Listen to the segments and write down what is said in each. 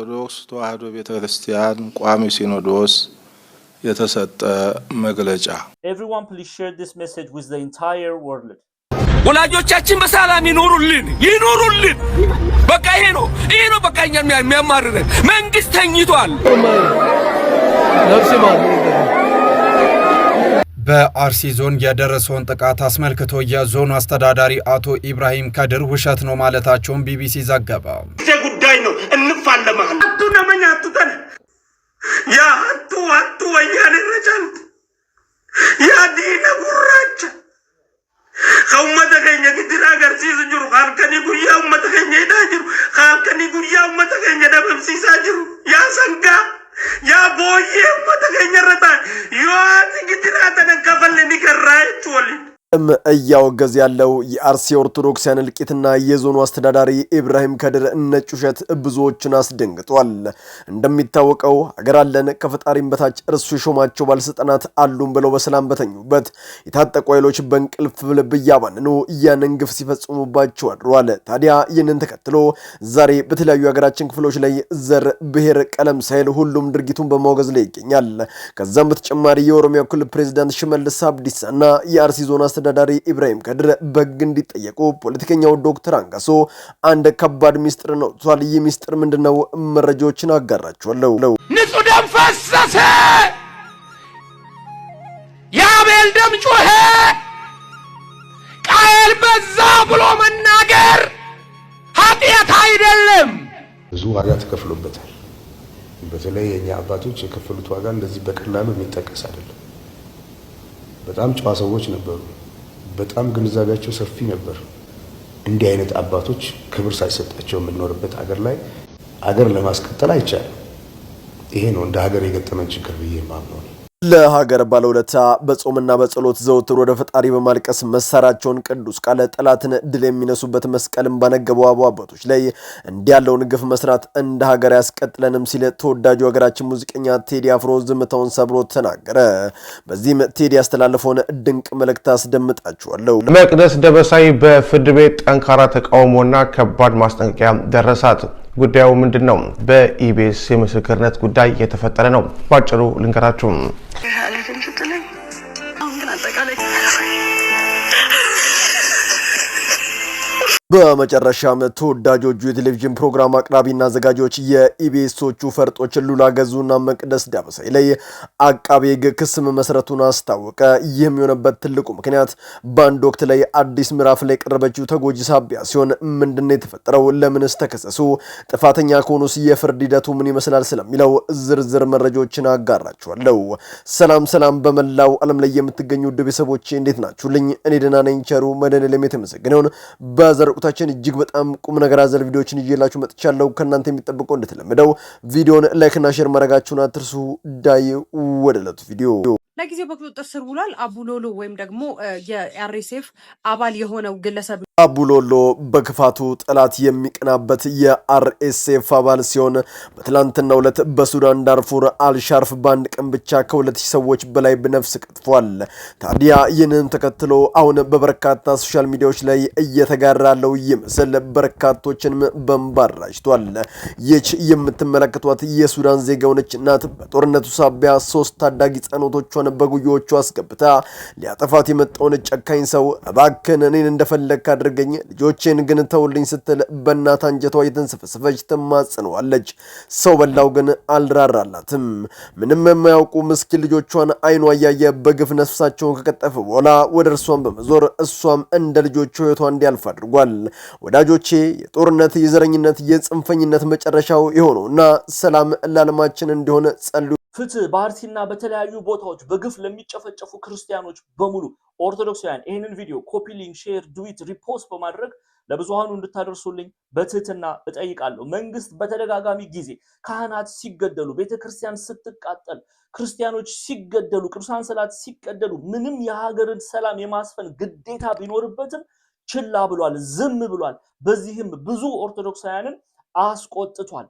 ኦርቶዶክስ ተዋሕዶ ቤተ ክርስቲያን ቋሚ ሲኖዶስ የተሰጠ መግለጫ። ወላጆቻችን በሰላም ይኖሩልን ይኖሩልን። በቃ ይሄ ነው ይሄ ነው በቃ እኛ የሚያማርረን መንግስት ተኝቷል። በአርሲ ዞን የደረሰውን ጥቃት አስመልክቶ የዞኑ አስተዳዳሪ አቶ ኢብራሂም ከድር ውሸት ነው ማለታቸውን ቢቢሲ ዘገበ። ጉዳይ አለ ማለት አቱ ነመኝ አቱተን ያ አቱ አቱ ወያኔ ረጨንት ያ ዲነ ጉራቸ ከኡመተ ከኛ ግድር አገርሲሱ ጅሩ ካንከኒ ጉያ ኡመተ ከኛ ሄዳ ጅሩ ካንከኒ ጉያ ኡመተ ከኛ ደበብሲሳ ጅሩ ም እያወገዝ ያለው የአርሲ ኦርቶዶክሳውያን እልቂትና የዞኑ አስተዳዳሪ ኢብራሂም ከድር ነጭ ውሸት ብዙዎችን አስደንግጧል። እንደሚታወቀው ሀገር አለን ከፈጣሪም በታች እርሱ የሾማቸው ባለስልጣናት አሉን ብለው በሰላም በተኙበት የታጠቁ ኃይሎች በእንቅልፍ ልብ እያባንኑ ያንን ግፍ ሲፈጽሙባቸው አድሯል። ታዲያ ይህንን ተከትሎ ዛሬ በተለያዩ የሀገራችን ክፍሎች ላይ ዘር፣ ብሔር፣ ቀለም ሳይል ሁሉም ድርጊቱን በማውገዝ ላይ ይገኛል። ከዛም በተጨማሪ የኦሮሚያ ክልል ፕሬዚዳንት ሽመልስ አብዲሳና እና የአርሲ ዞን አስተዳዳሪ ኢብራሂም ከድር በግ እንዲጠየቁ ፖለቲከኛው ዶክተር አንጋሶ አንድ ከባድ ሚስጥር ቷል። ይህ ሚስጥር ምንድነው? መረጃዎችን አጋራችኋለሁ። ንጹህ ደም ፈሰሰ፣ የአቤል ደም ጮኸ፣ ቃየል በዛ ብሎ መናገር ኃጢአት አይደለም። ብዙ ዋጋ ተከፍሎበታል። በተለይ የእኛ አባቶች የከፈሉት ዋጋ እንደዚህ በቀላሉ የሚጠቀስ አይደለም። በጣም ጨዋ ሰዎች ነበሩ። በጣም ግንዛቤያቸው ሰፊ ነበር። እንዲህ አይነት አባቶች ክብር ሳይሰጣቸው የምንኖርበት ሀገር ላይ ሀገር ለማስቀጠል አይቻልም። ይሄ ነው እንደ ሀገር የገጠመን ችግር ብዬ ማምነው። ለሀገር ባለውለታ በጾምና በጸሎት ዘውትር ወደ ፈጣሪ በማልቀስ መሳራቸውን ቅዱስ ቃለ ጠላትን ድል የሚነሱበት መስቀልን ባነገቡ አባቶች ላይ እንዲያለውን ግፍ መስራት እንደ ሀገር ያስቀጥለንም ሲል ተወዳጁ ሀገራችን ሙዚቀኛ ቴዲ አፍሮ ዝምታውን ሰብሮ ተናገረ። በዚህም ቴዲ ያስተላለፈውን ድንቅ መልእክት አስደምጣችኋለሁ። መቅደስ ደበሳይ በፍርድ ቤት ጠንካራ ተቃውሞና ከባድ ማስጠንቀቂያ ደረሳት። ጉዳዩ ምንድን ነው? በኢቢኤስ የምስክርነት ጉዳይ የተፈጠረ ነው። ባጭሩ ልንገራችሁ። በመጨረሻም ተወዳጆቹ የቴሌቪዥን ፕሮግራም አቅራቢና አዘጋጆች የኢቢኤሶቹ ፈርጦች ሉላ ገዙና መቅደስ ዳበሳይ ላይ አቃቤ ሕግ ክስ መመስረቱን አስታወቀ። ይህም የሆነበት ትልቁ ምክንያት በአንድ ወቅት ላይ አዲስ ምዕራፍ ላይ የቀረበችው ተጎጂ ሳቢያ ሲሆን ምንድነው የተፈጠረው? ለምንስ ተከሰሱ? ጥፋተኛ ከሆኑስ የፍርድ ሂደቱ ምን ይመስላል? ስለሚለው ዝርዝር መረጃዎችን አጋራችኋለሁ። ሰላም ሰላም፣ በመላው ዓለም ላይ የምትገኙ ውድ ቤተሰቦቼ እንዴት ናችሁልኝ? እኔ ደህና ነኝ። ቸሩ መድኃኔዓለም የተመሰገነውን በዘር በቆይታችን እጅግ በጣም ቁም ነገር አዘል ቪዲዮዎችን ይዤላችሁ መጥቻለሁ። ከእናንተ የሚጠብቀው እንደተለመደው ቪዲዮን ላይክና ሼር ማድረጋችሁን አትርሱ። ዳይ ወደ ዕለቱ ቪዲዮ ለጊዜው በቁጥጥር ስር ውሏል። አቡሎሎ ወይም ደግሞ የአርኤስኤፍ አባል የሆነው ግለሰብ አቡሎሎ በክፋቱ ጠላት የሚቀናበት የአርኤስኤፍ አባል ሲሆን በትላንትናው ዕለት በሱዳን ዳርፉር አልሻርፍ በአንድ ቀን ብቻ ከሁለት ሺህ ሰዎች በላይ በነፍስ ቀጥፏል። ታዲያ ይህንን ተከትሎ አሁን በበርካታ ሶሻል ሚዲያዎች ላይ እየተጋራ ያለው ይህ ምስል በርካቶችንም በንባራጅቷል። ይች የምትመለከቷት የሱዳን ዜጋ የሆነች እናት በጦርነቱ ሳቢያ ሶስት ታዳጊ ጸኖቶቿን እጇን በጉዮቹ አስገብታ ሊያጠፋት የመጣውን ጨካኝ ሰው እባክን እኔን እንደፈለግክ አድርገኝ፣ ልጆቼን ግን ተውልኝ ስትል በእናት አንጀቷ የተንሰፈሰፈች ትማጽነዋለች። ሰው በላው ግን አልራራላትም። ምንም የማያውቁ ምስኪን ልጆቿን አይኗ እያየ በግፍ ነፍሳቸውን ከቀጠፈ በኋላ ወደ እርሷን በመዞር እሷም እንደ ልጆቹ ህይወቷ እንዲያልፍ አድርጓል። ወዳጆቼ የጦርነት የዘረኝነት፣ የጽንፈኝነት መጨረሻው የሆነውና ሰላም ለዓለማችን እንዲሆን ጸልዩ። ፍትህ በአርሲና በተለያዩ ቦታዎች በግፍ ለሚጨፈጨፉ ክርስቲያኖች በሙሉ ኦርቶዶክሳውያን ይህንን ቪዲዮ ኮፒ ሊንክ፣ ሼር፣ ድዊት፣ ሪፖስት በማድረግ ለብዙሃኑ እንድታደርሱልኝ በትህትና እጠይቃለሁ። መንግስት በተደጋጋሚ ጊዜ ካህናት ሲገደሉ፣ ቤተክርስቲያን ስትቃጠል፣ ክርስቲያኖች ሲገደሉ፣ ቅዱሳን ስዕላት ሲቀደሉ ምንም የሀገርን ሰላም የማስፈን ግዴታ ቢኖርበትም ችላ ብሏል፣ ዝም ብሏል። በዚህም ብዙ ኦርቶዶክሳውያንን አስቆጥቷል።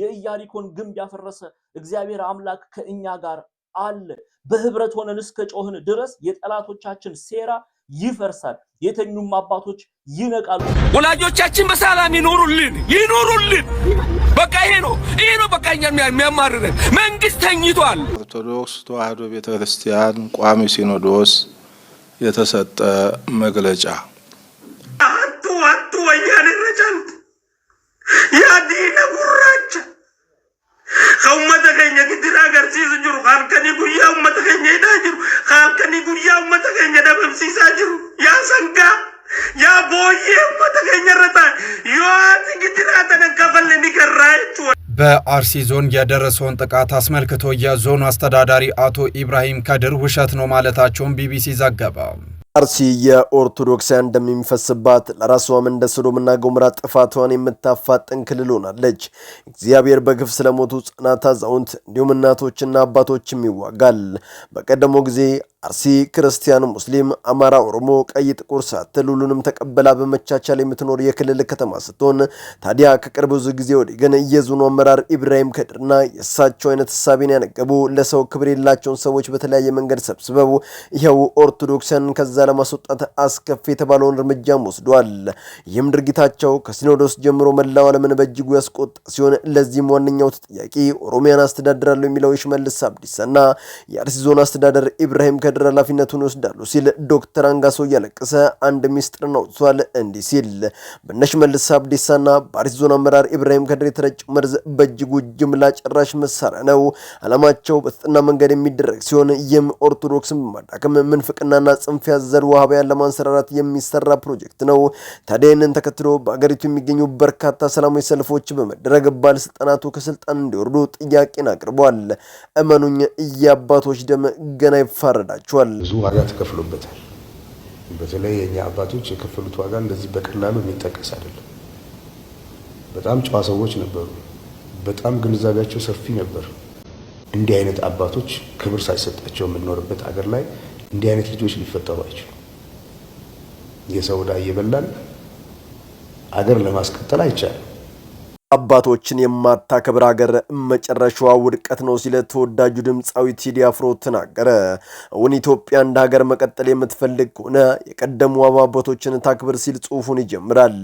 የኢያሪኮን ግንብ ያፈረሰ እግዚአብሔር አምላክ ከእኛ ጋር አለ። በህብረት ሆነን እስከ ጮህን ድረስ የጠላቶቻችን ሴራ ይፈርሳል፣ የተኙም አባቶች ይነቃሉ። ወላጆቻችን በሰላም ይኖሩልን ይኖሩልን። በቃ ይሄ ነው ይሄ ነው በቃ እኛ የሚያማርረን መንግስት ተኝቷል። ኦርቶዶክስ ተዋህዶ ቤተክርስቲያን ቋሚ ሲኖዶስ የተሰጠ መግለጫ biyya uummata keenya dhabamsiisaa jiru yaa sangaa yaa booyyee uummata keenya irra taa'e yoo ati gidiraatanan kafalle ni garraa jechuudha. በአርሲ ዞን የደረሰውን ጥቃት አስመልክቶ የዞኑ አስተዳዳሪ አቶ ኢብራሂም ከድር ውሸት ነው ማለታቸውን ቢቢሲ ዘገበ። አርሲ የኦርቶዶክስ እንደሚፈስባት ለራሷም እንደ ሶዶምና ጎምራ ጥፋቷን የምታፋጥን ክልል ሆናለች። እግዚአብሔር በግፍ ስለሞቱ ሕጻናት፣ አዛውንት እንዲሁም እናቶችና አባቶችም ይዋጋል። በቀደሞ ጊዜ አርሲ ክርስቲያን፣ ሙስሊም፣ አማራ፣ ኦሮሞ፣ ቀይ፣ ጥቁር ሳትል ሁሉንም ተቀበላ በመቻቻል የምትኖር የክልል ከተማ ስትሆን ታዲያ ከቅርብ ብዙ ጊዜ ወዲህ ግን የዞኑ አመራር ኢብራሂም ከድርና የእሳቸው አይነት እሳቤን ያነገቡ ለሰው ክብር የላቸውን ሰዎች በተለያየ መንገድ ሰብስበው ይኸው ኦርቶዶክሳን። ከዛ ለማስወጣት አስከፊ የተባለውን እርምጃም ወስዷል። ይህም ድርጊታቸው ከሲኖዶስ ጀምሮ መላው ዓለምን በእጅጉ ያስቆጣ ሲሆን ለዚህም ዋነኛው ተጠያቂ ኦሮሚያን አስተዳድራለሁ የሚለው የሽመልስ አብዲሳና የአርሲ ዞን አስተዳደር ኢብራሂም ከድር ኃላፊነቱን ይወስዳሉ ሲል ዶክተር አንጋሶ እያለቀሰ አንድ ሚስጥርን አውጥቷል። እንዲህ ሲል በነሽመልስ አብዲሳና በአርሲ ዞን አመራር ኢብራሂም ከድር የተረጨው መርዝ በእጅጉ ጅምላ ጨራሽ መሳሪያ ነው። ዓላማቸው በተጠና መንገድ የሚደረግ ሲሆን ይህም ኦርቶዶክስን በማዳከም ምንፍቅናና ጽንፍ ያዘ ዘር ውሃቢያን ለማንሰራራት የሚሰራ ፕሮጀክት ነው። ታዲያ ይህንን ተከትሎ በአገሪቱ የሚገኙ በርካታ ሰላማዊ ሰልፎች በመደረግ ባለስልጣናቱ ከስልጣን እንዲወርዱ ጥያቄን አቅርበዋል። እመኑኝ የአባቶች ደም ገና ይፋረዳቸዋል። ብዙ ዋጋ ተከፍሎበታል። በተለይ የእኛ አባቶች የከፈሉት ዋጋ እንደዚህ በቀላሉ የሚጠቀስ አይደለም። በጣም ጨዋ ሰዎች ነበሩ። በጣም ግንዛቤያቸው ሰፊ ነበር። እንዲህ አይነት አባቶች ክብር ሳይሰጣቸው የምንኖርበት አገር ላይ እንዲህ አይነት ልጆች ሊፈጠሩ አይችሉ። የሰው ዕዳ እየበላን አገር ለማስቀጠል አይቻልም። አባቶችን የማታከብር ሀገር መጨረሻዋ ውድቀት ነው ሲለ ተወዳጁ ድምፃዊ ቴዲ አፍሮ ተናገረ። እውን ኢትዮጵያ እንደ ሀገር መቀጠል የምትፈልግ ከሆነ የቀደሙ አባቶችን ታክብር ሲል ጽሑፉን ይጀምራል።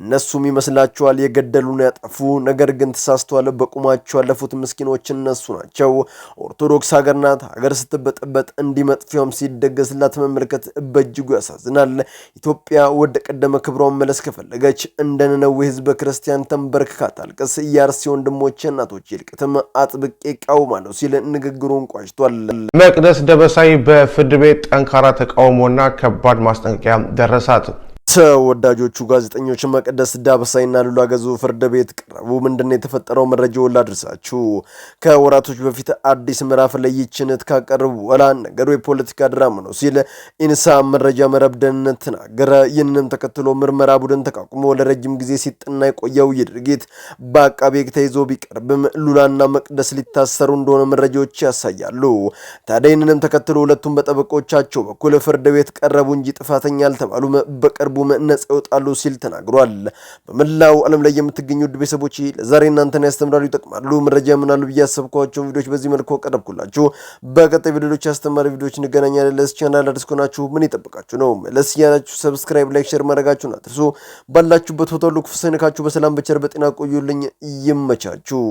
እነሱም ይመስላቸዋል የገደሉን ያጠፉ፣ ነገር ግን ተሳስተዋል። በቁማቸው ያለፉት ምስኪኖች እነሱ ናቸው። ኦርቶዶክስ ሀገር ናት። ሀገር ስትበጠበጥ እንዲመጥፊያውም ሲደገስላት መመልከት በእጅጉ ያሳዝናል። ኢትዮጵያ ወደ ቀደመ ክብሯን መለስ ከፈለገች እንደነነዌ ህዝበ ክርስቲያን ተንበርክካል እንዳታልቅስ የአርሲ ወንድሞች እናቶች ይልቅትም አጥብቄ እቃወማለሁ ሲል ንግግሩን ቋጭቷል። መቅደስ ደበሳይ በፍርድ ቤት ጠንካራ ተቃውሞና ከባድ ማስጠንቀቂያ ደረሳት። ተወዳጆቹ ጋዜጠኞች መቅደስ ዳበሳይና ሉላ ገዙ ፍርድ ቤት ቀረቡ። ምንድን ነው የተፈጠረው? መረጃውን ላድርሳችሁ። ከወራቶች በፊት አዲስ ምዕራፍ ላይ ይችነት ካቀረቡ በኋላ ነገሩ የፖለቲካ ድራማ ነው ሲል ኢንሳ መረጃ መረብ ደህንነት ተናገረ። ይህንንም ተከትሎ ምርመራ ቡድን ተቋቁሞ ለረጅም ጊዜ ሲጠና የቆየው ይህ ድርጊት በአቃቤ ሕግ ተይዞ ቢቀርብም ሉላና መቅደስ ሊታሰሩ እንደሆነ መረጃዎች ያሳያሉ። ታዲያ ይህንንም ተከትሎ ሁለቱም በጠበቆቻቸው በኩል ፍርድ ቤት ቀረቡ እንጂ ጥፋተኛ አልተባሉም። በቅርቡ ከጥቃቱም ነጻ ይወጣሉ ሲል ተናግሯል። በመላው ዓለም ላይ የምትገኙ ውድ ቤተሰቦች ለዛሬ እናንተን ያስተምራሉ፣ ይጠቅማሉ፣ መረጃ ይሆናሉ ብዬ ያሰብኳቸውን ቪዲዮዎች በዚህ መልኩ አቀረብኩላችሁ። በቀጣይ ቪዲዮዎች አስተማሪ ቪዲዮዎች እንገናኛለን። ለስ ቻናል አዲስ ከሆናችሁ ምን ይጠብቃችሁ ነው? መለስ እያላችሁ ሰብስክራይብ፣ ላይክ፣ ሼር ማድረጋችሁን አትርሱ። ባላችሁበት ሆቶሉ ክፉ በሰላም በቸር በጤና ቆዩልኝ። ይመቻችሁ።